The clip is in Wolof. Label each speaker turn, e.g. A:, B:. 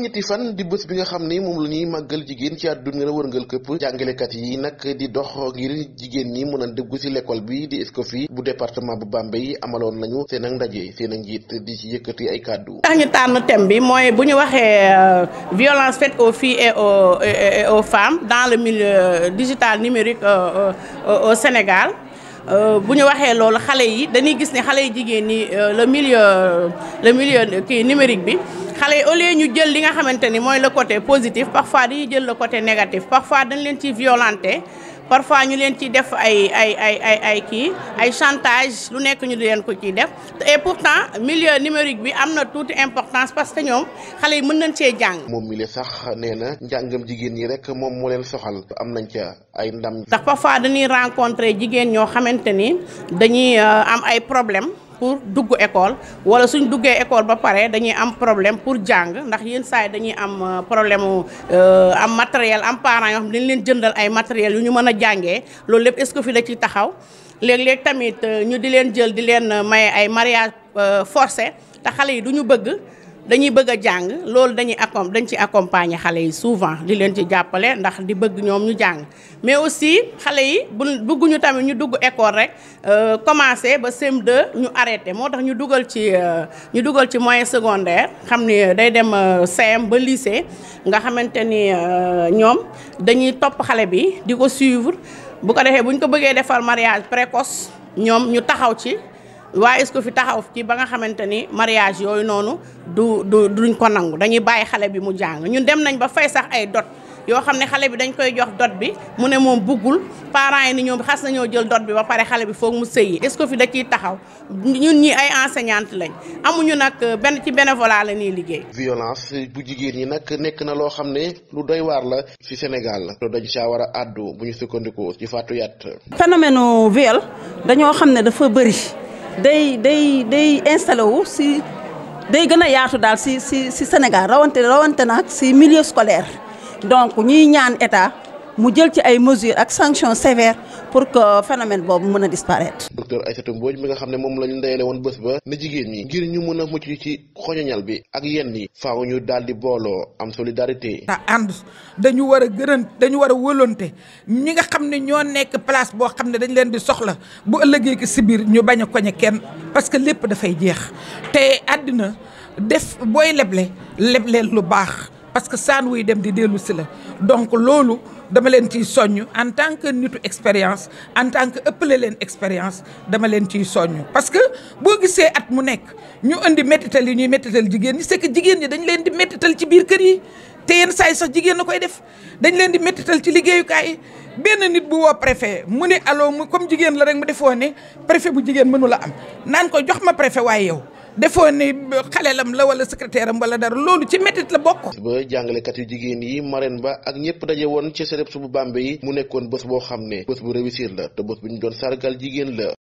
A: ñetti fan di bés bi nga xam ne moom la ñuy màggal jigéen ci àdduna wërngal këpp jàngalekat yi nag di dox jigéen ñi mën a dugg ci l'école bi di Escoffier bu département bu Bambey amaloon nañu seen ak ndaje seen ak njiit di ci yëkkati ay kàddu. tax ñu
B: tànn thème bi mooy bu ñu waxee euh, violence faite o filles e aux et dans le milieu euh, digital numérique euh, au Sénégal. bu ñu waxee loolu xale yi dañuy gis ne xale yi jigéen ñi le milieu le milieu kii numérique bi xale yi au ñu jël li nga xamante ni mooy la côté positif parfois dañuy jël le côté négatif parfois dañ leen ci violenté parfois ñu leen ciy def ay ay ay ay ay kii ay chantage lu nekk ñu di leen ko ciy def et pourtant milieu numérique bi am na tuuti importance parce que ñoom xale yi mën nañ cee jàng.
A: moom mi le sax nee na njàngam jigéen ñi rek moom moo leen soxal am nañ ca ay ndam. ndax parfois dañuy
B: rencontrer jigéen ñoo xamante ni dañuy euh, am ay problème pour dugg école wala suñ duggee école ba pare dañuy am problème pour jàng ndax yenn saa dañuy am euh, problème euh, am matériel am parents yoo xam dañ leen jëndal ay matériel yu ñu mën a jàngee loolu lépp est-ce que fi da ci taxaw léeg-léeg tamit euh, ñu di leen jël di leen maye ay mariage forcé te xale yi du bëgg dañuy bëgg a jàng loolu dañuy accom dañu ci accompagner xale yi souvent di leen ci jàppale ndax di bëgg ñoom ñu jàng mais aussi xale yi bu bëgguñu tamit ñu dugg école rek euh, commencé ba CM2 ñu arrêté moo tax ñu dugal ci euh, ñu dugal ci moyen secondaire xam ni day dem euh, CM ba lycée nga xamante ni ñoom dañuy topp xale bi di ko suivre bu ko defee bu ñu ko bëggee defar mariage précoce ñoom ñu taxaw ci waaye is ko fi taxaw ci ba nga xamante ni mariage yooyu noonu du du duñ ko nangu dañuy bàyyi xale bi mu jàng ñun dem nañ ba fay sax ay dot yoo xam ne xale bi dañ koy jox dot bi mu ne moom buggul parents yi ni ñoom xas nañoo jël dot bi ba pare xale bi foog mu sëyi est-ce que fi da ciy taxaw ñun ñi ay enseignante lañ amuñu nag euh, benn ci bénévolat la ñuy liggéey.
A: violence bu jigéen ñi nag nekk na loo xam ne lu doy waar la ci Sénégal la. dañ caa war a àddu bu ñu sukkandikoo ci Fatou Yat.
C: phénomène viol dañoo xam ne dafa bëri. day day day installé wu si day gën a yaatu daal si si si Sénégal rawante rawante nag si milieu scolaire donc ñuy ñaan état mu jël ci ay mesures ak sanctions sévères pour que phénomène boobu mën a disparaître.
A: docteur Aïssatou Mbodj mi nga xam ne moom la ñu ndeyale woon bés ba na jigéen ñi ngir ñu mën a mucc ci xoñoñal bi ak yenn yi faaw ñu daal di booloo am solidarité. ta ànd dañu war a gërën dañu war a wëlonte ñi nga xam
D: ne ñoo nekk place boo xam ne dañ leen di soxla bu ëllëgee ki si biir ñu bañ a koñe kenn parce que lépp dafay jeex te àddina def booy leble lebleel lu baax parce que saan wuy dem di dellu si la donc loolu. dama leen ciy soññ en tant que nitu expérience en tant que ëppale leen expérience dama leen ciy soññ parce que boo gisee at mu nekk ñu indi métital yi ñuy métital jigéen ñi sekk que jigéen ñi dañ leen di métital ci biir kër yi te yenn saay yi sax jigéen na koy def dañ leen di métital ci liggéeyukaay benn nit bu woo préfet mu ne allo mu comme jigéen la rek mu defoo ne préfet bu jigéen mënu la am naan ko jox ma préfet waaye yow defoo ni xalelam la wala secrétaire am wala dara loolu ci métit la
A: bokk. ba jàngalekat yu jigéen yi marraine ba ak ñëpp daje woon ci cérémonie bu Bambey yi mu nekkoon bés boo xam ne bés bu réussir la te bés bu ñu doon sargal jigéen la.